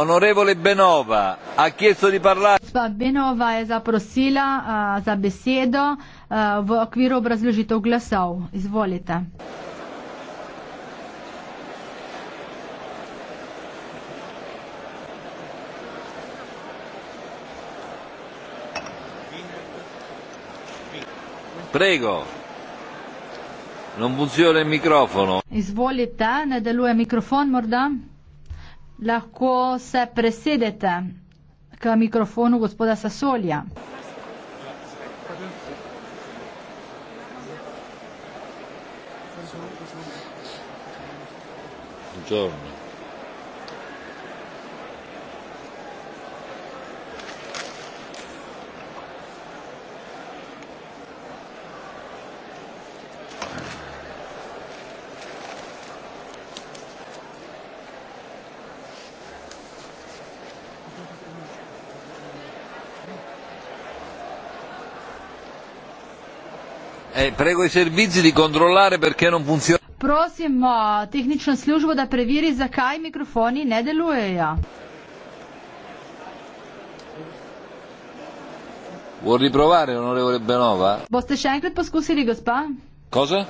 Onorevole Benova ha chiesto di parlare. Gospa Benova je zaprosila uh, za besedo uh, v okviru obrazložitev glasov. Izvolite. Prego. Non funziona il microfono. Izvolite, ne deluje mikrofon morda lahko se presedete k mikrofonu gospoda Sasolja. Buongiorno. eh, prego i servizi di controllare perché non funziona. Prosimo, eh, tecnično službo da previri zakaj mikrofoni ne delujejo. Vuol riprovare, onorevole Benova? Boste še enkrat poskusili, gospa? Cosa?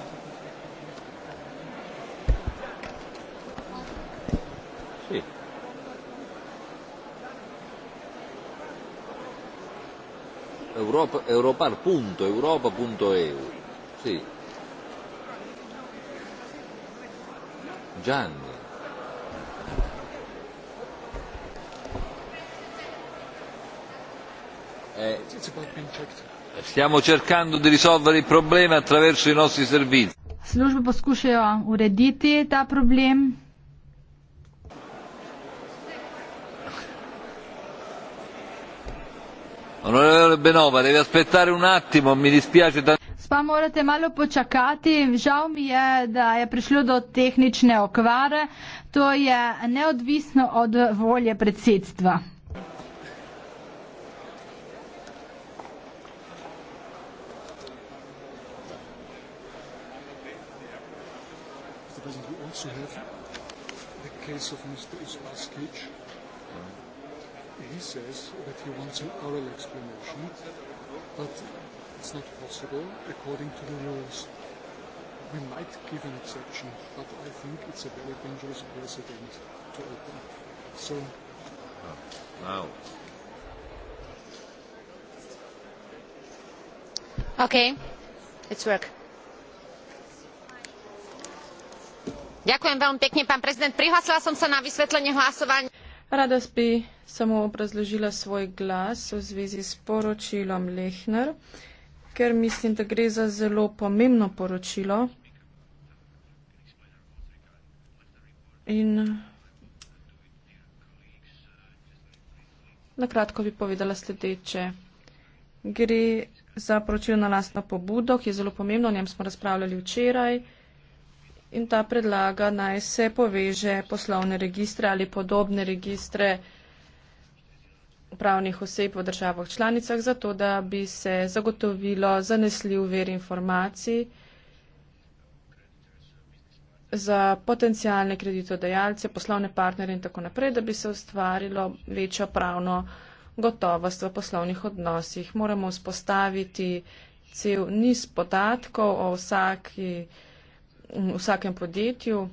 Europa, europar.europa.eu Sì. Gianni. Eh, stiamo cercando di risolvere il problema attraverso i nostri servizi. Službe poskušajo urediti ta problem. Onorevole Benova, devi aspettare un attimo, mi dispiace tanto. Pa morate malo počakati. Žal mi je, da je prišlo do tehnične okvare. To je neodvisno od volje predsedstva. Hvala he says that he wants an oral explanation, but it's not possible according to the rules. We might give an exception, but I think it's a very dangerous precedent to open. So. Oh, wow. Okay, it's work. Ďakujem veľmi pekne, pán prezident. Prihlásila som sa na vysvetlenie hlasovania. Rada bi samo obrazložila svoj glas v zvezi s poročilom Lehner, ker mislim, da gre za zelo pomembno poročilo. In na kratko bi povedala sledeče. Gre za poročilo na lastno pobudo, ki je zelo pomembno, o njem smo razpravljali včeraj in ta predlaga naj se poveže poslovne registre ali podobne registre pravnih oseb v državah članicah, zato da bi se zagotovilo zanesljiv ver informacij za potencijalne kreditodajalce, poslovne partnerje in tako naprej, da bi se ustvarilo večjo pravno gotovost v poslovnih odnosih. Moramo vzpostaviti cel niz podatkov o vsaki vsakem podjetju.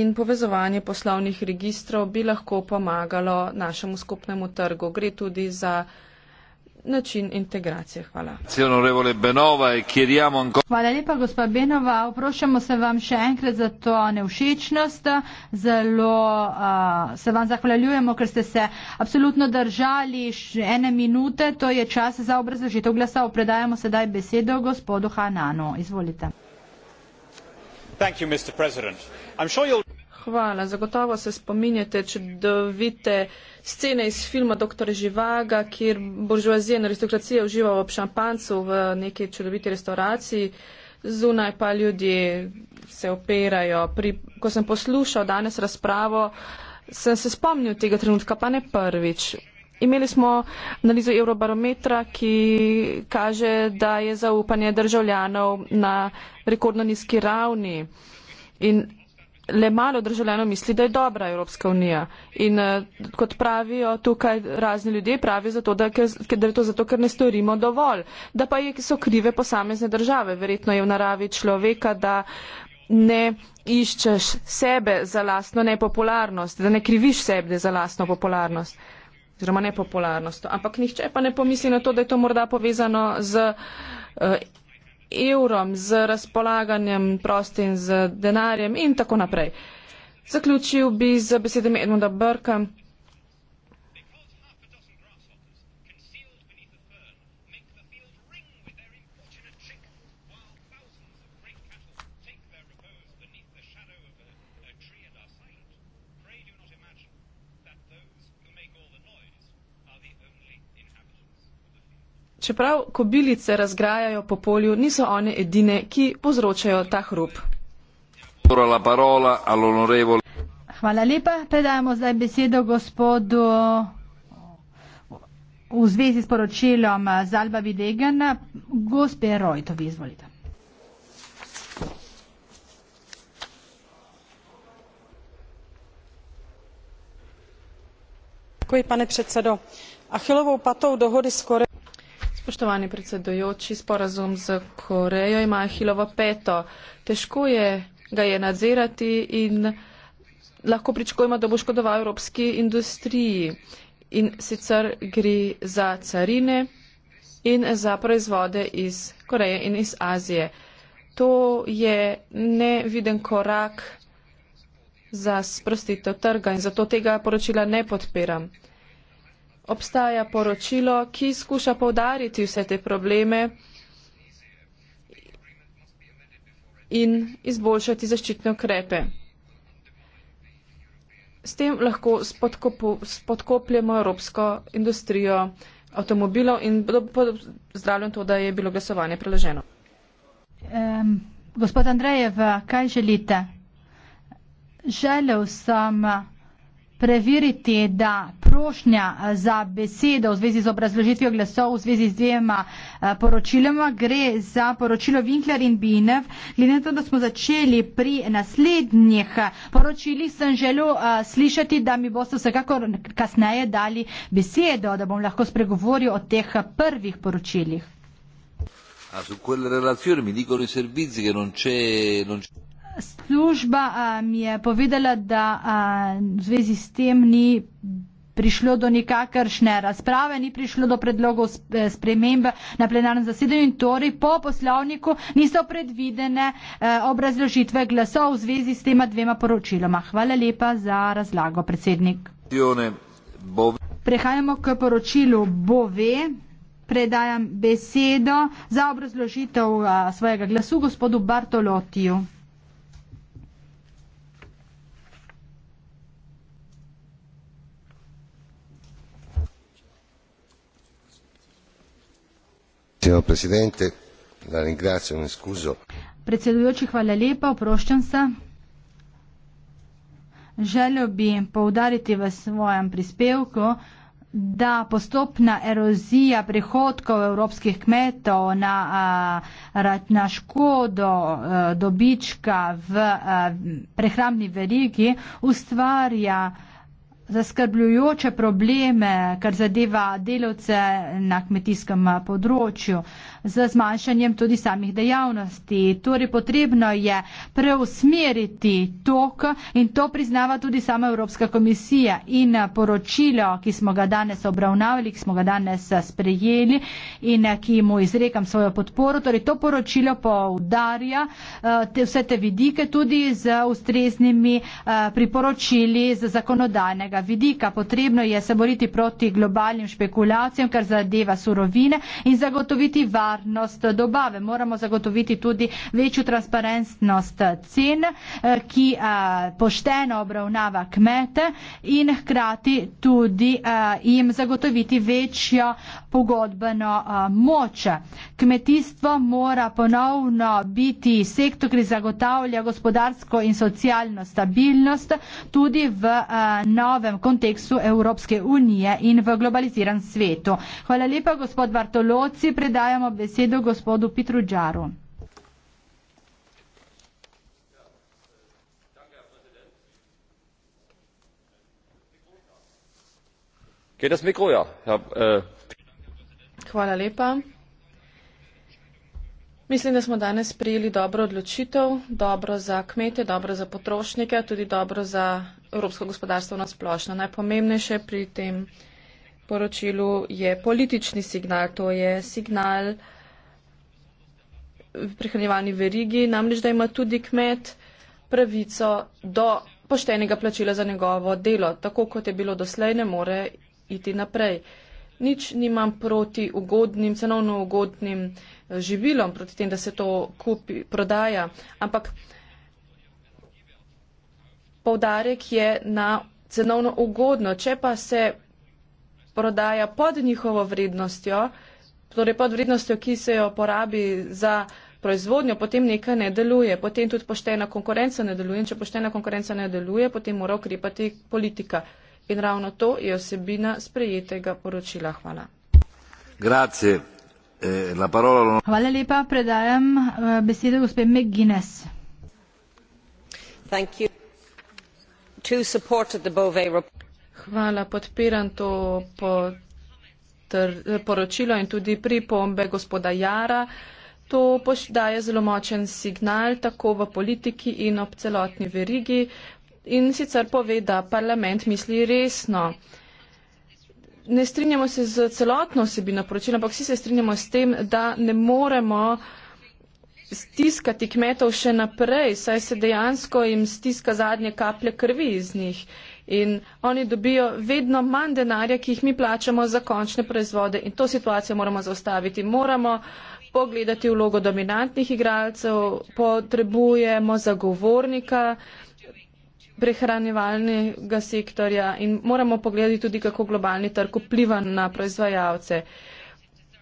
In povezovanje poslovnih registrov bi lahko pomagalo našemu skupnemu trgu. Gre tudi za način integracije. Hvala. E Hvala lepa, gospa Benova. Oprošamo se vam še enkrat za to nevšečnost. Zelo uh, se vam zahvaljujemo, ker ste se absolutno držali ene minute. To je čas za obrazložitev glasa. Predajamo sedaj besedo gospodu Hananu. Izvolite. Thank you, Mr. President. I'm sure you'll... Hvala. Zagotovo se spominjate, če dovite scene iz filma Dr. Živaga, kjer buržoazija in aristokracija uživa ob šampancu v neki čudoviti restauraciji. Zunaj pa ljudje se operajo. Pri, ko sem poslušal danes razpravo, sem se spomnil tega trenutka, pa ne prvič. Imeli smo analizo eurobarometra, ki kaže, da je zaupanje državljanov na rekordno nizki ravni. In le malo državljanov misli, da je dobra Evropska unija. In eh, kot pravijo tukaj razni ljudje, pravijo, zato, da, ker, da je to zato, ker ne storimo dovolj. Da pa je, so krive posamezne države. Verjetno je v naravi človeka, da ne iščeš sebe za lastno nepopularnost, da ne kriviš sebe za lastno popularnost. Oziroma nepopularnost. Ampak nihče pa ne pomisli na to, da je to morda povezano z eh, evrom, z razpolaganjem prostim, z denarjem in tako naprej. Zaključil bi z besedami Edmunda Brka, čeprav kobilice razgrajajo po polju, niso one edine, ki povzročajo ta hrup. Hvala lepa. Predajamo zdaj besedo gospodu v zvezi s poročilom Zalba Videgana, gospe Rojtovi, izvolite. Děkuji, pane předsedo. Achilovou patou dohody s Korejou. Spoštovani predsedujoči, sporazum z Korejo ima Hilovo peto. Težko je ga je nadzirati in lahko pričakujemo, da bo škodoval evropski industriji. In sicer gre za carine in za proizvode iz Koreje in iz Azije. To je neviden korak za sprostitev trga in zato tega poročila ne podpiram obstaja poročilo, ki skuša povdariti vse te probleme in izboljšati zaščitne ukrepe. S tem lahko spodkopljemo evropsko industrijo avtomobilov in pozdravljam to, da je bilo glasovanje preloženo. Um, gospod Andrejev, kaj želite? Želel sem preveriti, da prošnja eh, za besedo v zvezi z obrazložitvijo glasov v zvezi z dvema eh, poročiloma gre za poročilo Winkler in Binev. Glede na to, da smo začeli pri naslednjih eh, poročilih, sem želel slišati, da mi boste vsekakor kasneje dali besedo, da bom lahko spregovoril o teh prvih poročilih. A ah, su quelle relazioni mi dicono i servizi che non c'è, non c'è služba a, mi je povedala, da a, v zvezi s tem ni prišlo do nikakršne razprave, ni prišlo do predlogov e, spremembe na plenarnem zasedanju in torej po poslovniku niso predvidene e, obrazložitve glasov v zvezi s tema dvema poročiloma. Hvala lepa za razlago, predsednik. Prehajamo k poročilu Bove. Predajam besedo za obrazložitev svojega glasu gospodu Bartolotiju. Signor Presidente, la ringrazio, mi scuso. Predsedujoči, hvala lepa, oproščam se. Želel bi poudariti v svojem prispevku, da postopna erozija prihodkov evropskih kmetov na, na škodo dobička v prehrambni verigi ustvarja zaskrbljujoče probleme, kar zadeva delavce na kmetijskem področju, z zmanjšanjem tudi samih dejavnosti. Torej potrebno je preusmeriti tok in to priznava tudi sama Evropska komisija in poročilo, ki smo ga danes obravnavali, ki smo ga danes sprejeli in ki mu izrekam svojo podporo. Torej to poročilo povdarja eh, te, vse te vidike tudi z ustreznimi eh, priporočili z zakonodajnega tega vidika potrebno je se boriti proti globalnim špekulacijam, kar zadeva surovine in zagotoviti varnost dobave. Moramo zagotoviti tudi večjo transparentnost cen, eh, ki eh, pošteno obravnava kmete in hkrati tudi eh, jim zagotoviti večjo pogodbeno moč. Kmetijstvo mora ponovno biti sektor, ki zagotavlja gospodarsko in socialno stabilnost tudi v nove novem kontekstu Evropske unije in v globaliziran svetu. Hvala lepa, gospod Bartoloci. Predajamo besedo gospodu Petru Džaru. Ja, ja, eh. Hvala lepa. Mislim, da smo danes prijeli dobro odločitev, dobro za kmete, dobro za potrošnike, tudi dobro za evropsko gospodarstvo nasplošno. Najpomembnejše pri tem poročilu je politični signal, to je signal v prihranjevalni verigi, namreč da ima tudi kmet pravico do poštenega plačila za njegovo delo, tako kot je bilo doslej, ne more iti naprej. Nič nimam proti ugodnim, cenovno ugodnim eh, živilom, proti tem, da se to kupi, prodaja, ampak poudarek je na cenovno ugodno. Če pa se prodaja pod njihovo vrednostjo, torej pod vrednostjo, ki se jo porabi za proizvodnjo, potem nekaj ne deluje. Potem tudi poštena konkurenca ne deluje. In če poštena konkurenca ne deluje, potem mora ukrepati politika. In ravno to je osebina sprejetega poročila. Hvala. Grazie. Eh, parola... Hvala lepa. Predajam eh, besedo gospe McGuinness. Thank you hvala podpiram to poročilo in tudi pripombe gospoda Jara. To daje zelo močen signal tako v politiki in ob celotni verigi in sicer pove, da parlament misli resno. Ne strinjamo se z celotno osebino poročila, ampak vsi se strinjamo s tem, da ne moremo stiskati kmetov še naprej, saj se dejansko jim stiska zadnje kaplje krvi iz njih. In oni dobijo vedno manj denarja, ki jih mi plačamo za končne proizvode. In to situacijo moramo zaustaviti. Moramo pogledati vlogo dominantnih igralcev, potrebujemo zagovornika prehranjevalnega sektorja in moramo pogledati tudi, kako globalni trg vpliva na proizvajalce.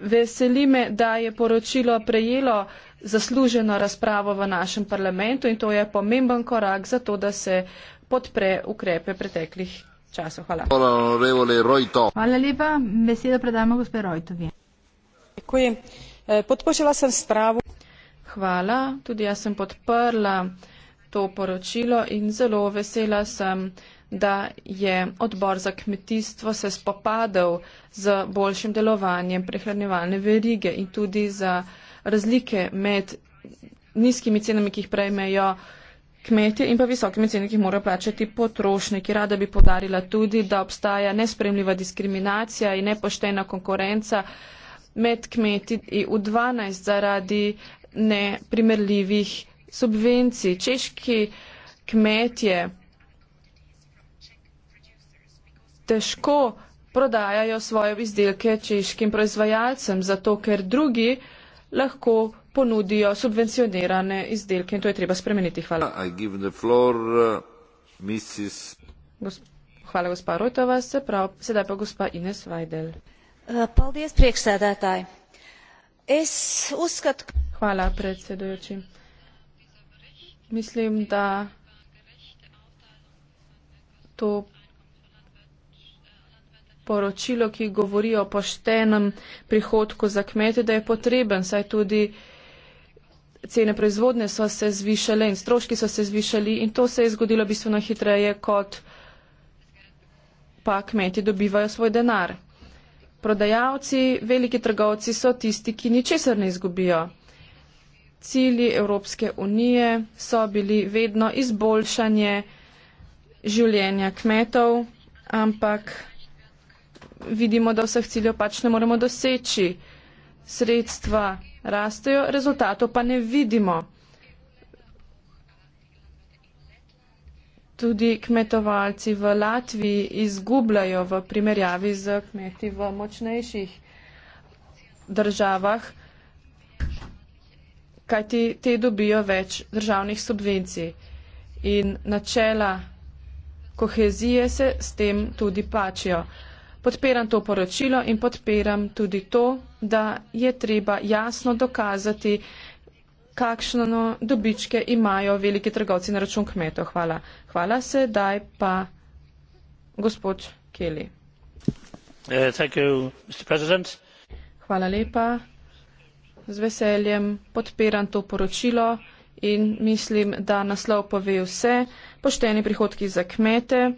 Veseli me, da je poročilo prejelo zasluženo razpravo v našem parlamentu in to je pomemben korak za to, da se podpre ukrepe preteklih časov. Hvala. Hvala, Hvala lepa. Besedo predamo gospe Rojtovi. Dekujem. Eh, Podpošila sem spravo. Hvala. Tudi jaz sem podprla to poročilo in zelo vesela sem, da je odbor za kmetijstvo se spopadal z boljšim delovanjem prehranjevalne verige in tudi za razlike med nizkimi cenami, ki jih prejmejo kmetje in pa visokimi cenami, ki jih morajo plačati potrošniki. Rada bi podarila tudi, da obstaja nespremljiva diskriminacija in nepoštena konkurenca med kmeti e v 12 zaradi neprimerljivih subvencij. Češki kmetje težko prodajajo svoje izdelke češkim proizvajalcem, zato ker drugi lahko ponudijo subvencionirane izdelke in to je treba spremeniti. Hvala. Floor, uh, Gos Hvala gospa Rojtova, se prav, sedaj pa gospa Ines Vajdel. Uh, Hvala predsedujoči. Mislim, da to poročilo, ki govori o poštenem prihodku za kmete, da je potreben, saj tudi cene proizvodne so se zvišale in stroški so se zvišali in to se je zgodilo bistveno hitreje, kot pa kmeti dobivajo svoj denar. Prodajalci, veliki trgovci so tisti, ki ničesar ne izgubijo. Cilji Evropske unije so bili vedno izboljšanje življenja kmetov, ampak vidimo, da vseh ciljev pač ne moremo doseči. Sredstva rastejo, rezultatov pa ne vidimo. Tudi kmetovalci v Latviji izgubljajo v primerjavi z kmeti v močnejših državah, kajti te dobijo več državnih subvencij. In načela kohezije se s tem tudi plačijo. Podpiram to poročilo in podpiram tudi to, da je treba jasno dokazati, kakšno dobičke imajo veliki trgovci na račun kmetov. Hvala. Hvala sedaj pa gospod Kelly. Uh, Hvala lepa. Z veseljem podpiram to poročilo in mislim, da naslov pove vse. Pošteni prihodki za kmete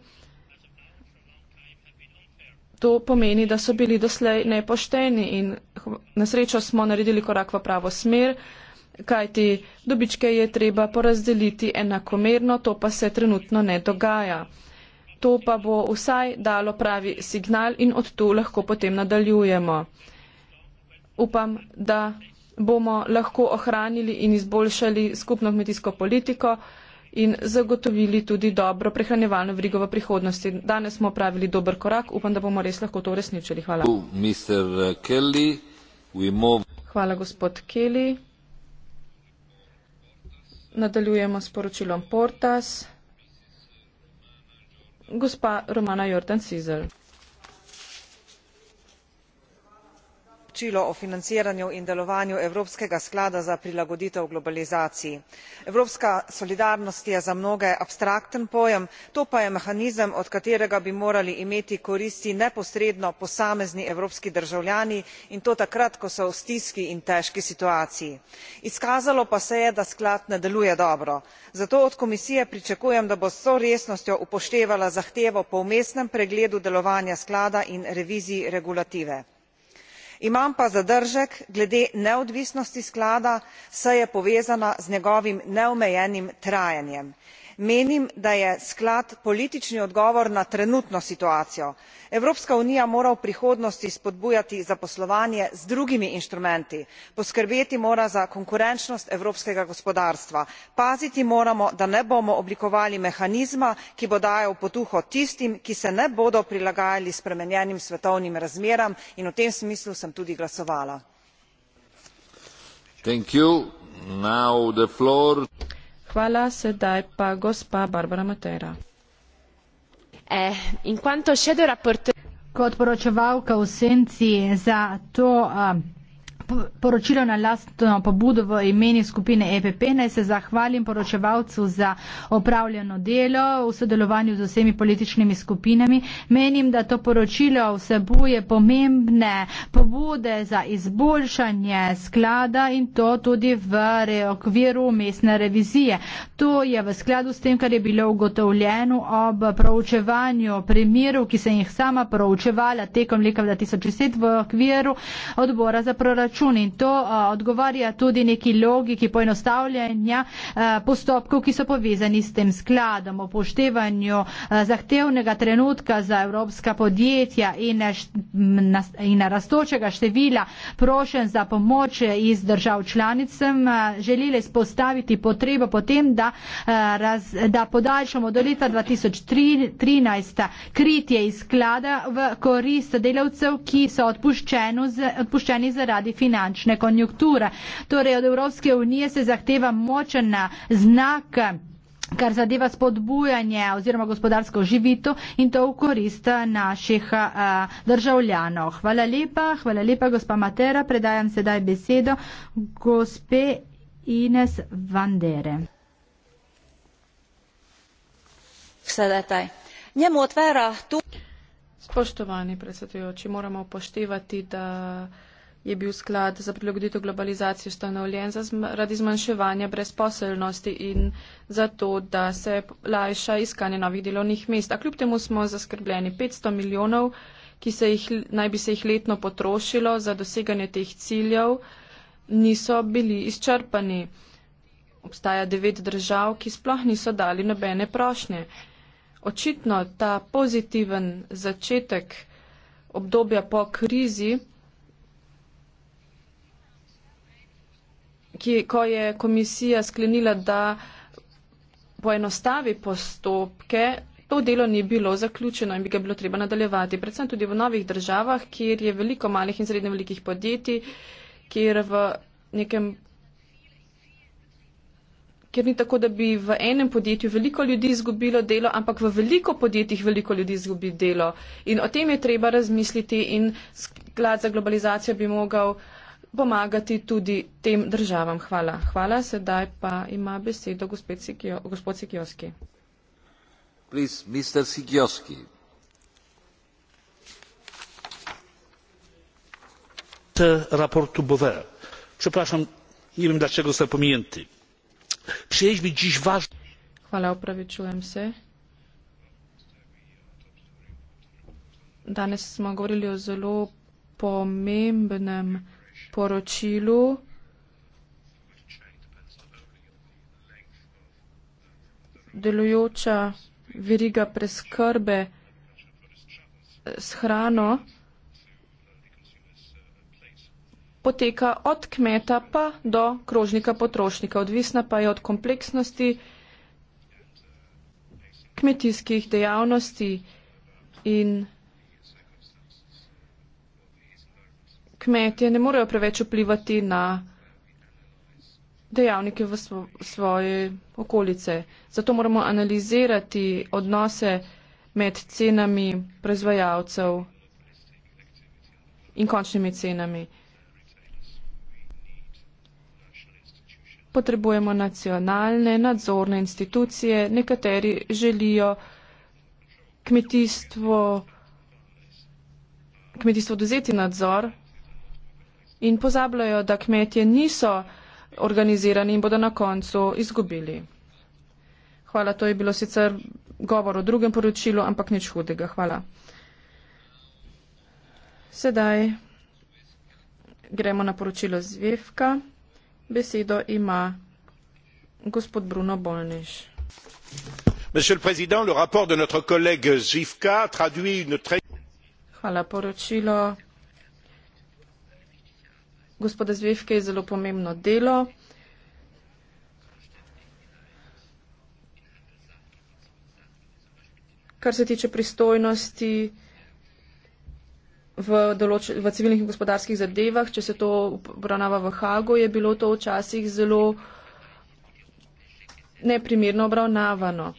to pomeni, da so bili doslej nepošteni in na srečo smo naredili korak v pravo smer, kajti dobičke je treba porazdeliti enakomerno, to pa se trenutno ne dogaja. To pa bo vsaj dalo pravi signal in od tu lahko potem nadaljujemo. Upam, da bomo lahko ohranili in izboljšali skupno kmetijsko politiko in zagotovili tudi dobro prehranjevalno vrigo v prihodnosti. Danes smo pravili dober korak, upam, da bomo res lahko to uresničili. Hvala. Eh, Hvala, gospod Kelly. Nadaljujemo s poročilom Portas. Gospa Romana Jordan-Sizel. poročilo o financiranju in delovanju evropskega sklada za prilagoditev globalizaciji. evropska solidarnost je za mnoge abstrakten pojem to pa je mehanizem od katerega bi morali imeti koristi neposredno posamezni evropski državljani in to takrat ko so v stiski in težki situaciji. izkazalo pa se je da sklad ne deluje dobro zato od komisije pričakujem da bo z vso resnostjo upoštevala zahtevo po vmesnem pregledu delovanja sklada in reviziji regulative imam pa zadržek glede neodvisnosti sklada saj je povezana z njegovim neomejenim trajanjem menim da je sklad politični odgovor na trenutno situacijo. evropska unija mora v prihodnosti spodbujati zaposlovanje z drugimi inštrumenti poskrbeti mora za konkurenčnost evropskega gospodarstva paziti moramo da ne bomo oblikovali mehanizma ki bo dajal potuho tistim ki se ne bodo prilagajali spremenjenim svetovnim razmeram in v tem smislu sem tudi glasovala. Hvala, sedaj pa gospa Barbara Matera. Eh, kot poročevalka v senci za to, eh, poročilo na lastno pobudo v imeni skupine EPP. Naj se zahvalim poročevalcu za opravljeno delo v sodelovanju z vsemi političnimi skupinami. Menim, da to poročilo vsebuje pomembne pobude za izboljšanje sklada in to tudi v okviru mestne revizije. To je v skladu s tem, kar je bilo ugotovljeno ob proučevanju primerov, ki sem jih sama proučevala tekom leta 2010 v okviru odbora za proračun proračun in to odgovarja tudi neki logiki poenostavljanja postopkov, ki so povezani s tem skladom, opoštevanju zahtevnega trenutka za evropska podjetja in rastočega števila prošen za pomoč iz držav članicem, želeli spostaviti potrebo potem, da, raz, da podaljšamo do leta 2013 kritje iz sklada v korist delavcev, ki so odpuščeni zaradi finančnega finančne konjunkture. Torej od Evropske unije se zahteva močen znak kar zadeva spodbujanje oziroma gospodarsko živito in to v korist eh, naših a, eh, državljanov. Hvala lepa, hvala lepa, gospa Matera. Predajam sedaj besedo gospe Ines Vandere. Sedaj. Njemu otvara tu. Spoštovani predsedujoči, moramo upoštevati, da je bil sklad za prilagoditev globalizacije ustanovljen zaradi zmanjševanja brezposelnosti in zato, da se lajša iskanje novih delovnih mest. A kljub temu smo zaskrbljeni 500 milijonov, ki se jih naj bi se jih letno potrošilo za doseganje teh ciljev, niso bili izčrpani. Obstaja devet držav, ki sploh niso dali nobene prošnje. Očitno ta pozitiven začetek obdobja po krizi, ki, ko je komisija sklenila, da poenostavi postopke, to delo ni bilo zaključeno in bi ga bilo treba nadaljevati. Predvsem tudi v novih državah, kjer je veliko malih in srednje velikih podjetij, kjer v nekem. Ker ni tako, da bi v enem podjetju veliko ljudi izgubilo delo, ampak v veliko podjetjih veliko ljudi izgubi delo. In o tem je treba razmisliti in sklad za globalizacijo bi mogel uh, pomagati tudi tem državam. Hvala. Hvala. Sedaj pa ima besedo Sikio, gospod Sikioski. Please, Mr. Sikioski. raportu Bovera. Przepraszam, nie wiem dlaczego został pominięty. Przyjęliśmy dziś ważny... Chwala, opravičujem się. Danes smo govorili o zelo pomembnym poročilu. Delujoča veriga preskrbe eh, s hrano poteka od kmeta pa do krožnika potrošnika. Odvisna pa je od kompleksnosti kmetijskih dejavnosti in kmetje ne morejo preveč vplivati na dejavnike v svo svoje okolice. Zato moramo analizirati odnose med cenami proizvajalcev in končnimi cenami. Potrebujemo nacionalne nadzorne institucije, nekateri želijo kmetijstvo, kmetijstvo dozeti nadzor in pozabljajo, da kmetje niso organizirani in bodo na koncu izgubili. Hvala, to je bilo sicer govor o drugem poročilu, ampak nič hudega. Hvala. Sedaj gremo na poročilo Zvevka. Besedo ima gospod Bruno Bolniš. Monsieur le Président, le rapport de notre collègue Zivka traduit une très. Hvala, poročilo gospoda Zvevke je zelo pomembno delo. Kar se tiče pristojnosti v, določ, v civilnih in gospodarskih zadevah, če se to obravnava v Hagu, je bilo to včasih zelo neprimerno obravnavano.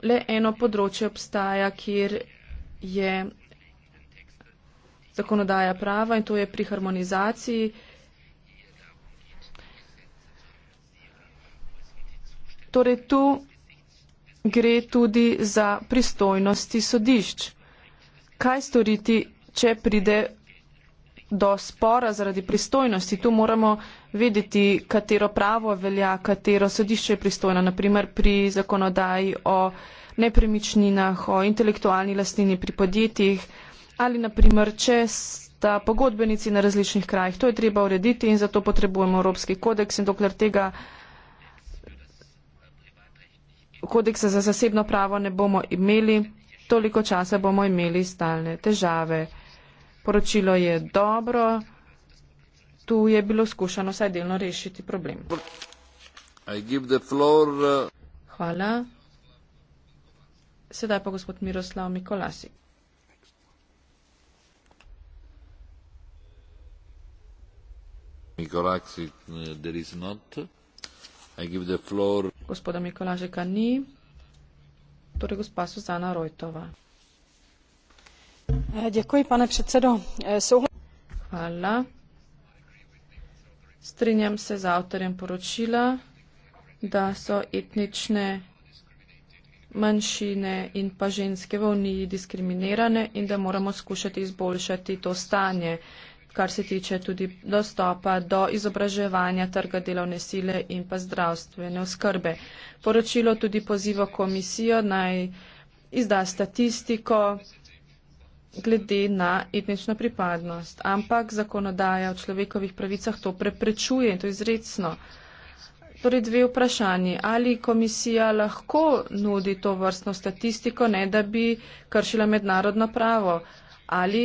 Le eno področje obstaja, kjer je zakonodaja prava in to je pri harmonizaciji. Torej tu gre tudi za pristojnosti sodišč. Kaj storiti, če pride do spora zaradi pristojnosti? Tu moramo vedeti, katero pravo velja, katero sodišče je pristojno. Naprimer pri zakonodaji o nepremičninah, o intelektualni lastnini, pri podjetjih ali naprimer, če sta pogodbenici na različnih krajih. To je treba urediti in zato potrebujemo Evropski kodeks in dokler tega kodeksa za zasebno pravo ne bomo imeli, toliko časa bomo imeli stalne težave. Poročilo je dobro, tu je bilo skušano vsaj delno rešiti problem. Uh, Hvala. Sedaj pa gospod Miroslav Mikolasi. Eh, Gospoda Mikolažika ni, torej gospa Suzana Rojtova. Eh, děkuji, pane předsedo. Eh, Hvala. Strinjam se z avtorjem poročila, da so etnične manjšine in pa ženske v Uniji diskriminirane in da moramo skušati izboljšati to stanje kar se tiče tudi dostopa do izobraževanja trga delovne sile in pa zdravstvene oskrbe. Poročilo tudi poziva komisijo naj izda statistiko glede na etnično pripadnost, ampak zakonodaja o človekovih pravicah to preprečuje in to izredno. Torej dve vprašanji. Ali komisija lahko nudi to vrstno statistiko, ne da bi kršila mednarodno pravo? Ali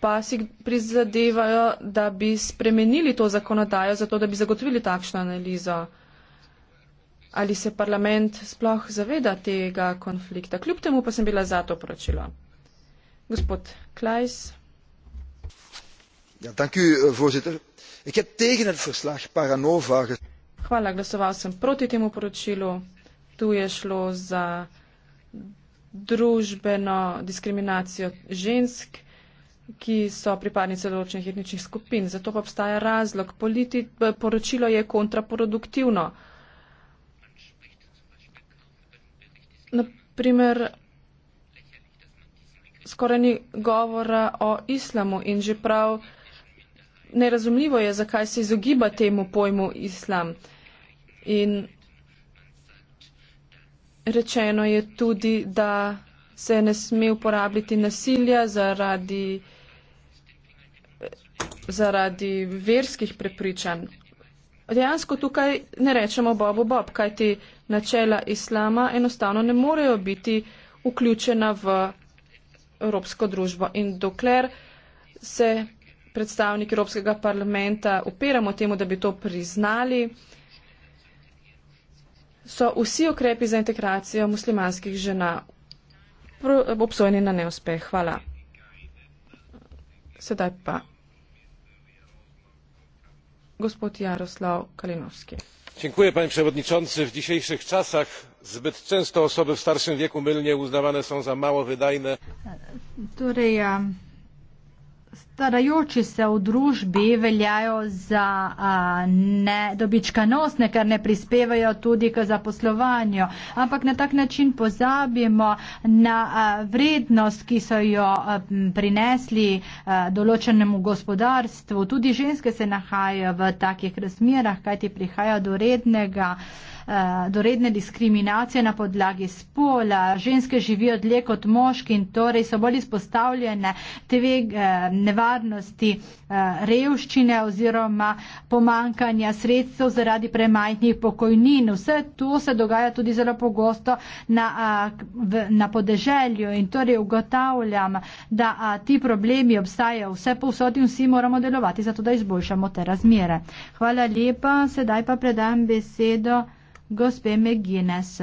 pa si prizadevajo, da bi spremenili to zakonodajo, zato da bi zagotovili takšno analizo. Ali se parlament sploh zaveda tega konflikta? Kljub temu pa sem bila za to poročilo. Gospod Klajs. Ja, dank u, eh, voorzitter. Ik heb tegen het verslag Paranova Hvala, glasoval sem proti temu poročilu. Tu je šlo za družbeno diskriminacijo žensk ki so pripadnice določenih etničnih skupin. Zato pa obstaja razlog. Politi, poročilo je kontraproduktivno. Naprimer, skoraj ni govora o islamu in že prav nerazumljivo je, zakaj se izogiba temu pojmu islam. In rečeno je tudi, da se ne sme uporabljati nasilja zaradi zaradi verskih prepričanj. Dejansko tukaj ne rečemo Bobo Bob, kajti načela islama enostavno ne morejo biti vključena v evropsko družbo. In dokler se predstavniki Evropskega parlamenta upiramo temu, da bi to priznali, so vsi ukrepi za integracijo muslimanskih žena obsojeni na neuspeh. Hvala. Sedaj pa gospod Jaroslav Kalinowski. Dziękuję panie przewodniczący. W dzisiejszych czasach zbyt często osoby w starszym wieku mylnie uznawane są za mało wydajne. Torej, um starajoči se v družbi veljajo za nedobičkanosne, ker ne prispevajo tudi k zaposlovanju, ampak na tak način pozabimo na vrednost, ki so jo prinesli določenemu gospodarstvu. Tudi ženske se nahajajo v takih razmerah, kajti prihaja do rednega Eh, do redne diskriminacije na podlagi spola. Ženske živijo dlje kot moški in torej so bolj izpostavljene teve eh, nevarnosti eh, revščine oziroma pomankanja sredstev zaradi premajhnih pokojnin. Vse to se dogaja tudi zelo pogosto na, na podeželju in torej ugotavljam, da ti problemi obstajajo vse povsod in vsi moramo delovati, zato da izboljšamo te razmere. Hvala lepa, sedaj pa predam besedo. Gospe McGuinness.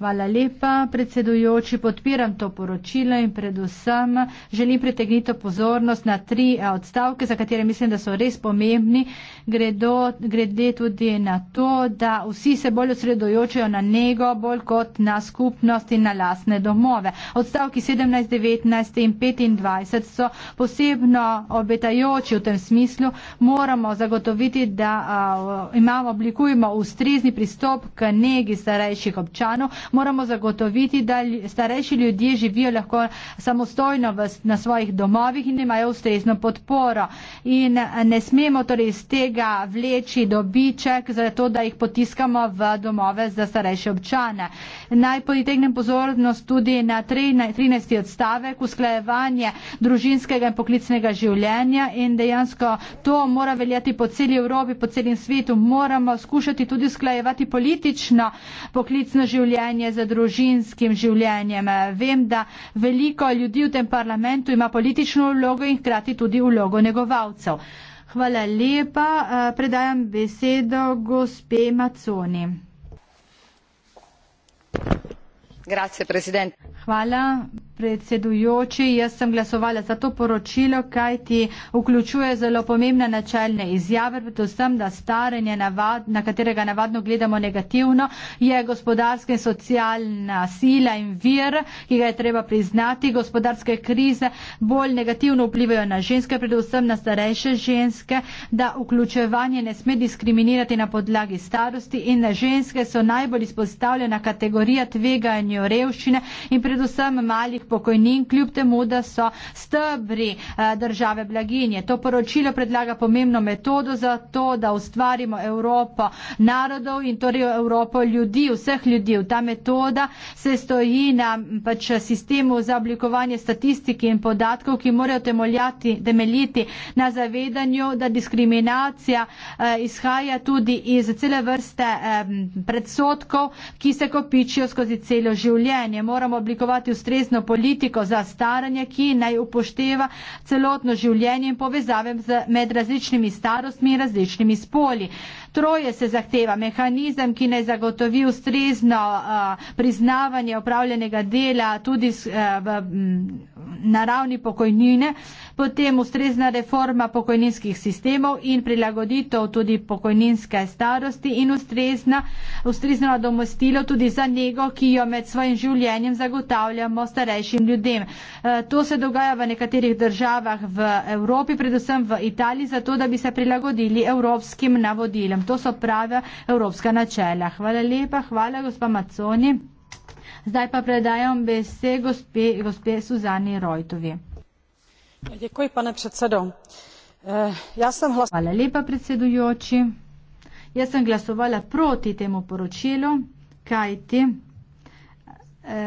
Hvala lepa, predsedujoči. Podpiram to poročilo in predvsem želim pritegnito pozornost na tri eh, odstavke, za katere mislim, da so res pomembni. Gredo, grede tudi na to, da vsi se bolj osredojočajo na nego, bolj kot na skupnost in na lasne domove. Odstavki 17, 19 in 25 so posebno obetajoči v tem smislu. Moramo zagotoviti, da a, eh, imamo, oblikujemo ustrezni pristop k negi starejših občanov moramo zagotoviti, da starejši ljudje živijo lahko samostojno v, na svojih domovih in imajo ustrezno podporo. In ne smemo torej iz tega vleči dobiček, zato da jih potiskamo v domove za starejše občane. Naj potegnem pozornost tudi na 13. odstavek, usklajevanje družinskega in poklicnega življenja in dejansko to mora veljati po celi Evropi, po celem svetu. Moramo skušati tudi usklajevati politično poklicno življenje življenje, za družinskim življenjem. Vem, da veliko ljudi v tem parlamentu ima politično vlogo in hkrati tudi vlogo negovalcev. Hvala lepa. Eh, predajam besedo gospe Maconi. Hvala predsedujoči, jaz sem glasovala za to poročilo, kaj ti vključuje zelo pomembne načeljne izjave, predvsem, da staranje, navad, na katerega navadno gledamo negativno, je gospodarska in socialna sila in vir, ki ga je treba priznati. Gospodarske krize bolj negativno vplivajo na ženske, predvsem na starejše ženske, da vključevanje ne sme diskriminirati na podlagi starosti in na ženske so najbolj izpostavljena kategorija tveganju revščine in predvsem malih pokojnin, kljub temu, da so stebri eh, države blaginje. To poročilo predlaga pomembno metodo za to, da ustvarimo Evropo narodov in torej Evropo ljudi, vseh ljudi. Ta metoda se stoji na pač, sistemu za oblikovanje statistike in podatkov, ki morajo temeljati, temeljiti na zavedanju, da diskriminacija eh, izhaja tudi iz cele vrste eh, predsotkov, ki se kopičijo skozi celo življenje. Moramo oblikovati ustrezno politiko politiko za staranje, ki naj upošteva celotno življenje in povezave med različnimi starostmi in različnimi spoli. Troje se zahteva mehanizem, ki naj zagotovi ustrezno uh, priznavanje opravljenega dela tudi uh, v, m, na ravni pokojnine, potem ustrezna reforma pokojninskih sistemov in prilagoditev tudi pokojninske starosti in ustrezna, ustrezno nadomestilo tudi za njego, ki jo med svojim življenjem zagotavljamo starejšim ljudem. Uh, to se dogaja v nekaterih državah v Evropi, predvsem v Italiji, zato da bi se prilagodili evropskim navodilom. To so prava evropska načela. Hvala lepa, hvala gospa Maconi. Zdaj pa predajam besed gospe, gospe Suzani Rojtovi. Děkuji, pane předsedo. Eh, já jsem hlas... Hvala lepa, predsedujoči. Jaz sem glasovala proti temu poročilu, kajti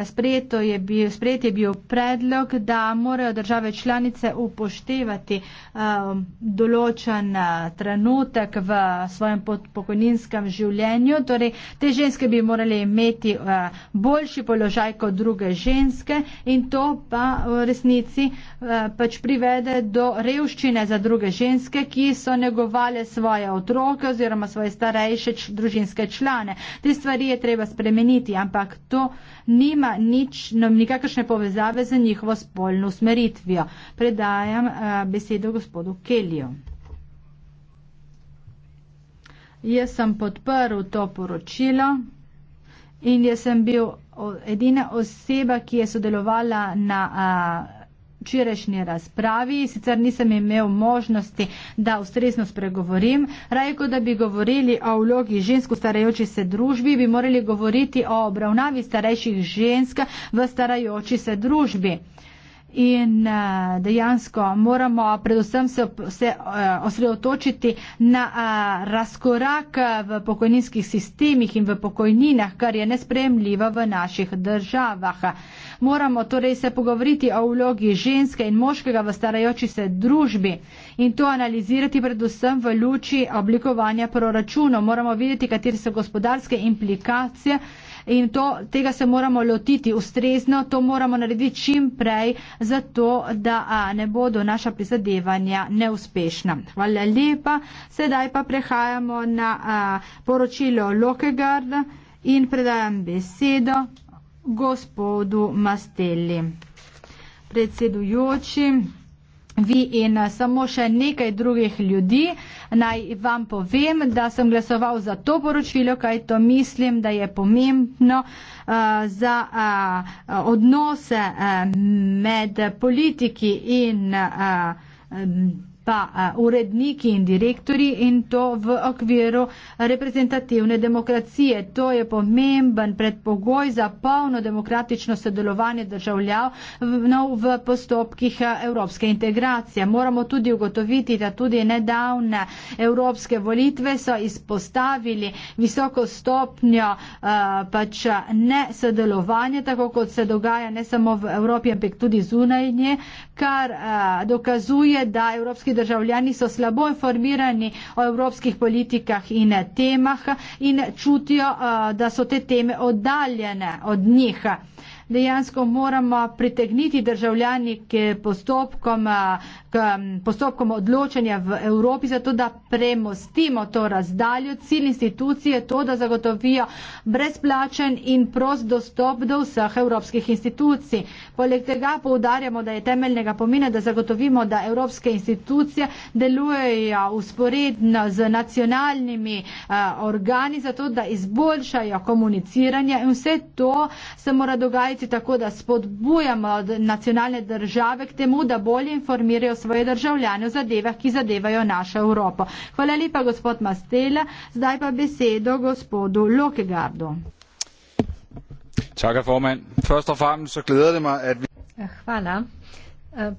Sprejeto je bil, sprejet je bil predlog, da morajo države članice upoštevati um, določen uh, trenutek v svojem pokojninskem življenju. Torej, te ženske bi morali imeti uh, boljši položaj kot druge ženske in to pa v resnici uh, pač privede do revščine za druge ženske, ki so negovale svoje otroke oziroma svoje starejše č, družinske člane. Te stvari je treba spremeniti, ampak to ni nima nič, no, nikakršne povezave z njihovo spolno usmeritvijo. Predajam eh, besedo gospodu Kelju. Jaz sem podprl to poročilo in jaz sem bil edina oseba, ki je sodelovala na a, eh, včerajšnji razpravi, sicer nisem imel možnosti, da ustrezno spregovorim. Rajko, da bi govorili o vlogi žensk v starajoči se družbi, bi morali govoriti o obravnavi starejših žensk v starajoči se družbi. In uh, dejansko moramo predvsem se, se uh, osredotočiti na uh, razkorak v pokojninskih sistemih in v pokojninah, kar je nespremljivo v naših državah. Moramo torej se pogovoriti o vlogi ženske in moškega v starajoči se družbi in to analizirati predvsem v luči oblikovanja proračuna. Moramo videti, katere so gospodarske implikacije uh, in to, tega se moramo lotiti ustrezno, to moramo narediti čim prej, zato da a, ne bodo naša prizadevanja neuspešna. Hvala lepa. Sedaj pa prehajamo na a, poročilo Lokegard in predajam besedo gospodu Masteli. Predsedujoči vi in eh, samo še nekaj drugih ljudi. Naj vam povem, da sem glasoval za to poročilo, kaj to mislim, da je pomembno uh, za uh, odnose uh, med politiki in uh, um, pa uredniki in direktori in to v okviru reprezentativne demokracije. To je pomemben predpogoj za polno demokratično sodelovanje državljav v postopkih evropske integracije. Moramo tudi ugotoviti, da tudi nedavne evropske volitve so izpostavili visoko stopnjo pač nesodelovanja, tako kot se dogaja ne samo v Evropi, ampak tudi zunaj nje, kar dokazuje, da evropski državljani so slabo informirani o evropskih politikah in temah in čutijo, da so te teme oddaljene od njih dejansko moramo pritegniti državljani k postopkom, eh, k mm, postopkom odločanja v Evropi, zato da premostimo to razdaljo. Cilj institucije je to, da zagotovijo brezplačen in prost dostop do vseh evropskih institucij. Poleg tega poudarjamo, da je temeljnega pomena, da zagotovimo, da evropske institucije delujejo usporedno z nacionalnimi eh, organi, zato da izboljšajo komuniciranje in vse to se mora dogajati narediti tako, da spodbujamo nacionalne države k temu, da bolje informirajo svoje državljane o zadevah, ki zadevajo našo Evropo. Hvala lepa, gospod Mastela. Zdaj pa besedo gospodu Lokegardu. Tak, Hvala.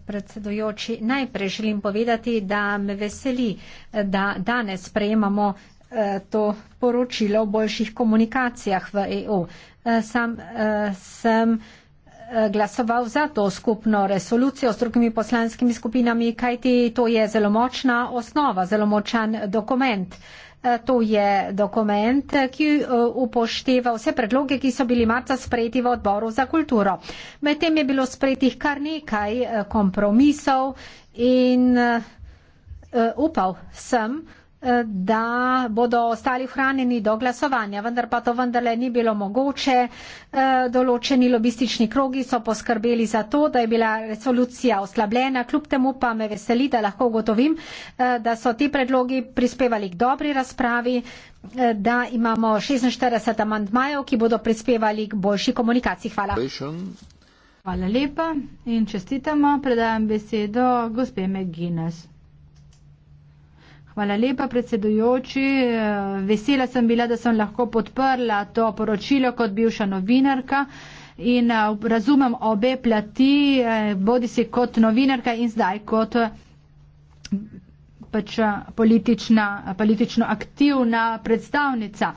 Predsedujoči, najprej želim povedati, da me veseli, da danes prejemamo Eh, to poročilo o boljših komunikacijah v EU. Eh, sam eh, sem glasoval za to skupno resolucijo s drugimi poslanskimi skupinami, kajti to je zelo močna osnova, zelo močan dokument. To je dokument, ki upošteva vse predloge, ki so bili marca sprejeti v odboru za kulturo. Medtem je bilo sprejetih kar nekaj kompromisov in upal sem, da bodo ostali hranjeni do glasovanja, vendar pa to vendarle ni bilo mogoče. Eh, določeni lobistični krogi so poskrbeli za to, da je bila resolucija oslabljena, kljub temu pa me veseli, da lahko ugotovim, eh, da so ti predlogi prispevali k dobri razpravi, eh, da imamo 46 amantmajev, ki bodo prispevali k boljši komunikaciji. Hvala. Hvala lepa in čestitamo. Predajam besedo gospe McGuinness. Hvala lepa, predsedujoči. Vesela sem bila, da sem lahko podprla to poročilo kot bivša novinarka in eh, razumem obe plati, eh, bodi si kot novinarka in zdaj kot pač politična, politično aktivna predstavnica.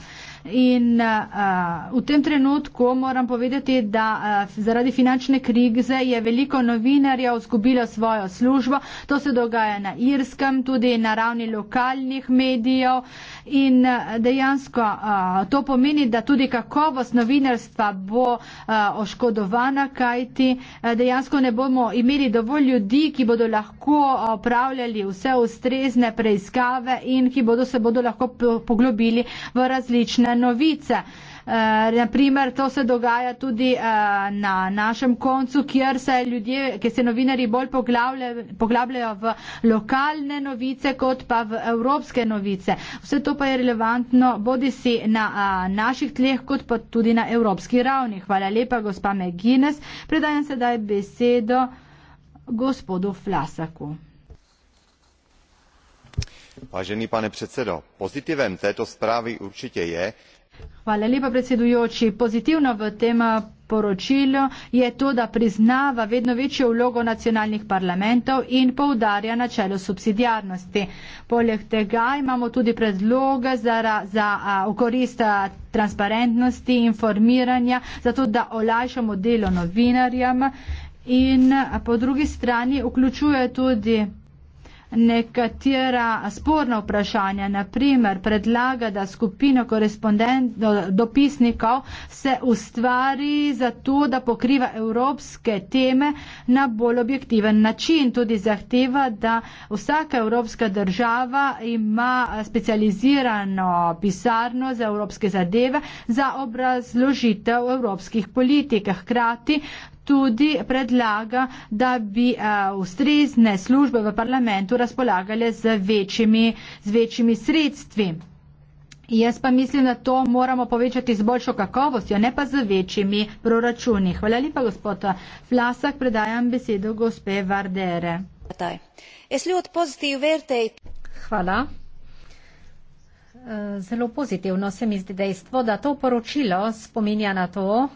In uh, v tem trenutku moram povedati, da uh, zaradi finančne krize je veliko novinarjev izgubilo svojo službo. To se dogaja na Irskem, tudi na ravni lokalnih medijev. In uh, dejansko uh, to pomeni, da tudi kakovost novinarstva bo uh, oškodovana, kajti uh, dejansko ne bomo imeli dovolj ljudi, ki bodo lahko opravljali vse ustrezne preiskave in ki bodo se bodo lahko poglobili v različne novice. Uh, eh, naprimer, to se dogaja tudi uh, na našem koncu, kjer se ljudje, kjer se novinari bolj poglavljajo, poglabljajo v lokalne novice, kot pa v evropske novice. Vse to pa je relevantno bodi si na uh, naših tleh, kot pa tudi na evropski ravni. Hvala lepa, gospa Megines. Predajam sedaj besedo gospodu Flasaku vážený pane predsedo pozitívem této správy určite je Hvala lepa, predsedujoči. Pozitivno v tem poročilu je to, da priznava vedno večjo vlogo nacionalnih parlamentov in poudarja načelo subsidijarnosti. Poleg tega imamo tudi predlog za, za korist transparentnosti, informiranja, zato da olajšamo delo novinarjem in po drugi strani vključuje tudi nekatera sporna vprašanja, naprimer predlaga, da skupino dopisnikov se ustvari za to, da pokriva evropske teme na bolj objektiven način. Tudi zahteva, da vsaka evropska država ima specializirano pisarno za evropske zadeve za obrazložitev evropskih politik. Hkrati tudi predlaga, da bi eh, ustrezne službe v parlamentu razpolagale z večjimi, z večjimi sredstvi. Jaz pa mislim, da to moramo povečati z boljšo kakovostjo, ne pa z večjimi proračuni. Hvala lepa, gospod Flasak. Predajam besedo gospe Vardere. Hvala. Eh, zelo pozitivno se mi zdi dejstvo, da to poročilo spominja na to,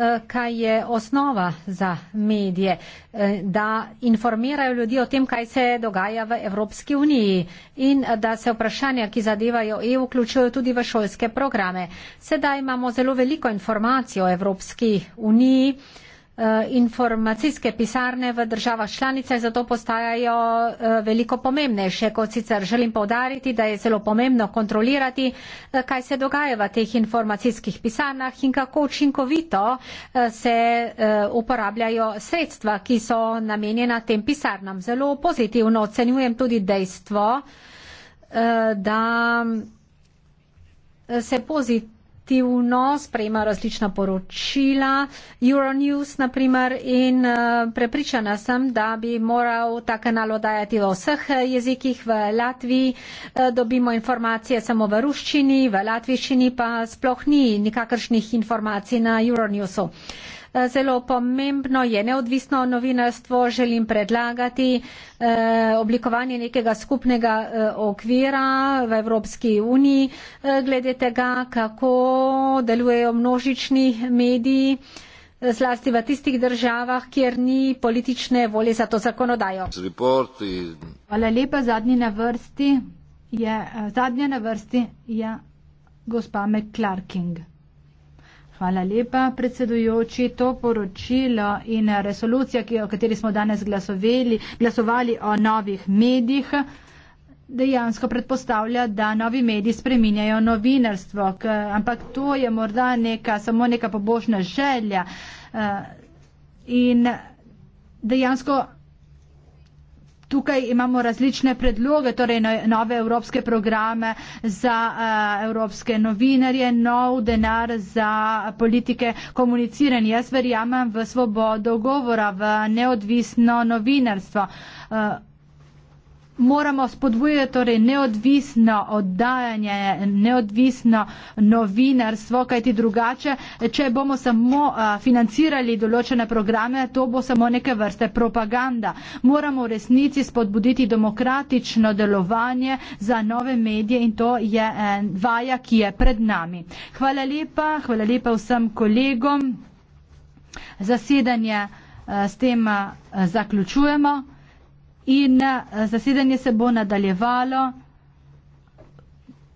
Eh, kaj je osnova za medije, eh, da informirajo ljudi o tem, kaj se dogaja v Evropski uniji in eh, da se vprašanja, ki zadevajo EU, vključujo tudi v šolske programe. Sedaj imamo zelo veliko informacij o Evropski uniji. Eh, informacijske pisarne v državah članicah zato postajajo eh, veliko pomembnejše, kot sicer želim povdariti, da je zelo pomembno kontrolirati, eh, kaj se dogaja v teh informacijskih pisarnah in kako učinkovito se uporabljajo sredstva, ki so namenjena tem pisarnam. Zelo pozitivno ocenjujem tudi dejstvo, da se pozitivno aktivno, sprejema različna poročila, Euronews na primer, in eh, prepričana sem, da bi moral ta kanal odajati v vseh eh, jezikih v Latviji. Eh, dobimo informacije samo v ruščini, v latviščini pa sploh ni nikakršnih informacij na Euronewsu zelo pomembno je neodvisno novinarstvo, želim predlagati eh, oblikovanje nekega skupnega eh, okvira v Evropski uniji, eh, glede tega, kako delujejo množični mediji, zlasti v tistih državah, kjer ni politične volje za to zakonodajo. Hvala lepa, zadnji na vrsti je, zadnja na vrsti je gospa McClarking. Hvala lepa, predsedujoči. To poročilo in resolucija, ki, o kateri smo danes glasovali, glasovali o novih medijih, dejansko predpostavlja, da novi mediji spreminjajo novinarstvo, k, ampak to je morda neka, samo neka pobožna želja. Uh, in dejansko Tukaj imamo različne predloge, torej no, nove evropske programe za eh, evropske novinarje, nov denar za politike komuniciranja. Jaz verjamem v svobodo govora, v neodvisno novinarstvo. Eh, moramo spodbujati torej neodvisno oddajanje, neodvisno novinarstvo, kajti drugače, če bomo samo a, financirali določene programe, to bo samo neke vrste propaganda. Moramo v resnici spodbuditi demokratično delovanje za nove medije in to je en, vaja, ki je pred nami. Hvala lepa, hvala lepa vsem kolegom. Zasedanje a, s tem a, zaključujemo in eh, zasedanje se bo nadaljevalo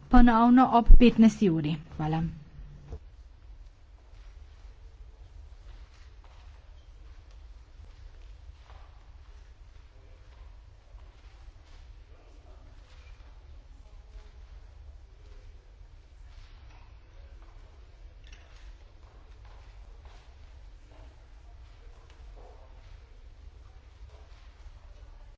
ponovno ob 15. uri. Hvala.